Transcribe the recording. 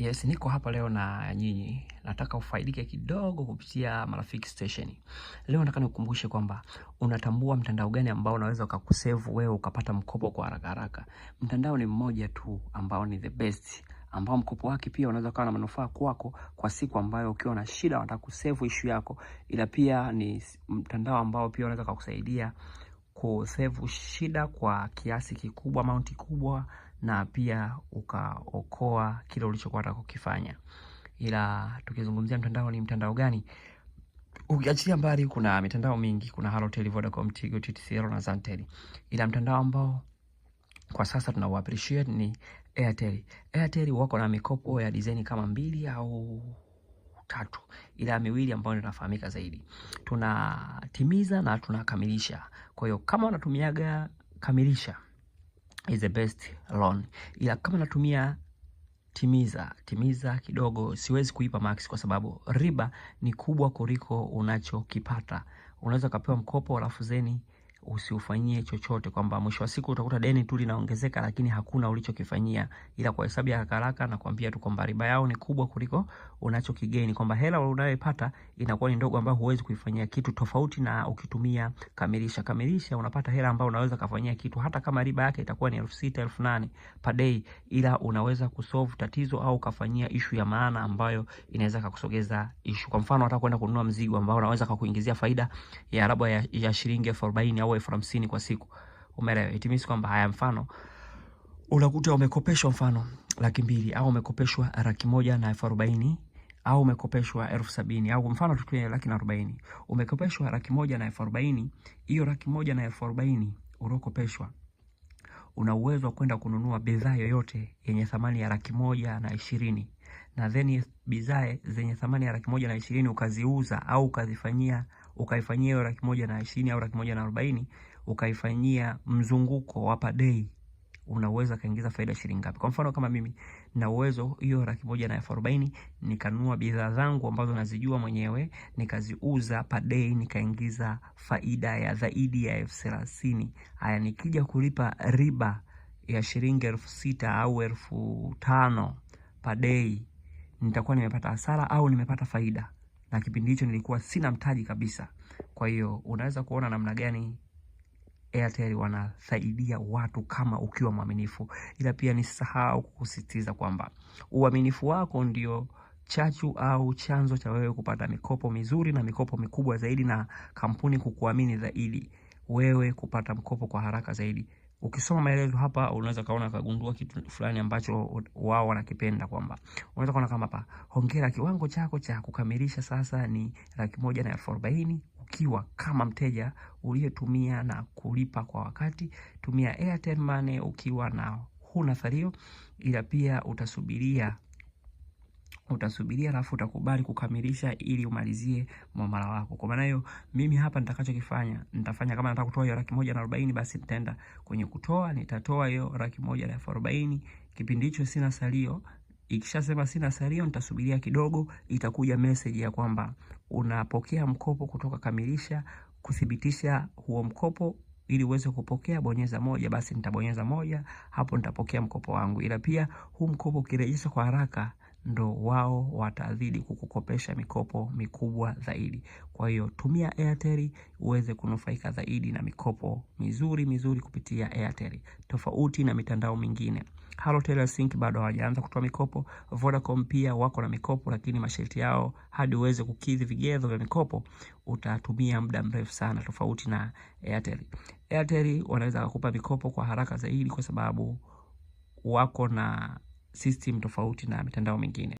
Yes, niko hapa leo na nyinyi, nataka ufaidike kidogo kupitia Marafiki Station. Leo nataka nikukumbushe kwamba unatambua mtandao gani ambao unaweza ukakusevu wewe ukapata mkopo kwa haraka haraka. Mtandao ni mmoja tu ambao ni the best ambao mkopo wake pia unaweza kuwa na manufaa kwako kwa siku ambayo ukiwa na shida unataka kusevu issue yako, ila pia ni mtandao ambao pia unaweza kukusaidia kusevu shida kwa kiasi kikubwa, amount kubwa na pia ukaokoa kile ulichokuwa unataka kukifanya. Ila tukizungumzia mtandao ni mtandao gani? Ukiachilia mbali kuna mitandao mingi, kuna Halotel, Vodacom, Tigo, TTCL na Zantel. Ila mtandao ambao kwa sasa tunau appreciate ni Airtel. Airtel wako na mikopo ya design kama mbili au tatu, ila miwili ambayo inafahamika zaidi. Tunatimiza na tunakamilisha. Kwa hiyo kama unatumiaga kamilisha is the best loan. Ila kama natumia timiza timiza kidogo, siwezi kuipa max kwa sababu riba ni kubwa kuliko unachokipata. Unaweza ukapewa mkopo alafu zeni usiufanyie chochote, kwamba mwisho wa siku utakuta deni tu linaongezeka, lakini hakuna ulichokifanyia, ila kwa hesabu ya haraka nakwambia tu kwamba riba yao ni kubwa kuliko unachokigeni, kwamba hela unayoipata inakuwa ni ndogo, ambayo huwezi kuifanyia kitu, tofauti na ukitumia kamilisha kamilisha, unapata hela ambayo unaweza kufanyia kitu, hata kama riba yake itakuwa ni elfu sita elfu nane per day, ila unaweza kusolve tatizo au kufanyia issue ya maana ambayo inaweza kukusogeza issue. Kwa mfano, unataka kwenda kununua mzigo ambao unaweza kukuingizia faida ya labda ya, ya shilingi elfu arobaini au au elfu hamsini kwa siku. Umeelewa? It means kwamba haya, mfano unakuta umekopeshwa mfano laki mbili au umekopeshwa laki moja na elfu arobaini au umekopeshwa elfu sabini au mfano tuchukue laki na arobaini umekopeshwa laki moja na elfu arobaini Hiyo laki moja na elfu arobaini uliokopeshwa una uwezo wa kwenda kununua bidhaa yoyote yenye thamani ya laki moja na ishirini na then bidhaa zenye thamani ya laki moja na ishirini ukaziuza au ukazifanyia ukaifanyia hiyo laki moja na ishirini au laki moja na arobaini ukaifanyia mzunguko wa per day unaweza kaingiza faida shilingi ngapi? Kwa mfano kama mimi na uwezo hiyo laki moja na elfu arobaini nikanunua bidhaa zangu ambazo nazijua mwenyewe nikaziuza day nikaingiza faida ya zaidi ya elfu thelathini. Haya, nikija kulipa riba ya shilingi elfu sita au elfu tano day nitakuwa nimepata hasara au nimepata faida? na kipindi hicho nilikuwa sina mtaji kabisa. Kwa hiyo unaweza kuona namna gani Airtel wanasaidia watu kama ukiwa mwaminifu, ila pia nisahau kukusisitiza kwamba uaminifu wako ndio chachu au chanzo cha wewe kupata mikopo mizuri na mikopo mikubwa zaidi, na kampuni kukuamini zaidi, wewe kupata mkopo kwa haraka zaidi. Ukisoma maelezo hapa unaweza kaona kagundua kitu fulani ambacho wao wanakipenda kwamba unaweza kaona kama hapa, hongera, kiwango chako cha kukamilisha sasa ni laki moja na elfu arobaini ukiwa kama mteja uliyetumia na kulipa kwa wakati. Tumia Airtel Money ukiwa na huna salio ila pia utasubiria utasubiria alafu utakubali kukamilisha ili umalizie muamala wako. Kwa maana hiyo, mimi hapa nitakachokifanya nitafanya kama nataka kutoa hiyo laki moja na arobaini, basi nitaenda kwenye kutoa, nitatoa hiyo laki moja na elfu arobaini. Kipindi hicho sina salio. Ikishasema sina salio, nitasubiria kidogo, itakuja message ya kwamba unapokea mkopo kutoka Kamilisha. Kuthibitisha huo mkopo ili uweze kupokea, bonyeza moja. Basi nitabonyeza moja, hapo nitapokea mkopo wangu. Ila pia huu mkopo ukirejeshwa kwa haraka ndo wao watazidi kukukopesha mikopo mikubwa zaidi. Kwa hiyo tumia Airtel uweze kunufaika zaidi na mikopo mizuri mizuri kupitia Airtel, tofauti na mitandao mingine. Halotel Sync bado hawajaanza kutoa mikopo. Vodacom pia wako na mikopo, lakini masharti yao hadi uweze kukidhi vigezo vya mikopo utatumia muda mrefu sana, tofauti na Airtel. Airtel wanaweza kukupa mikopo kwa haraka zaidi kwa sababu wako na system tofauti na mitandao mingine.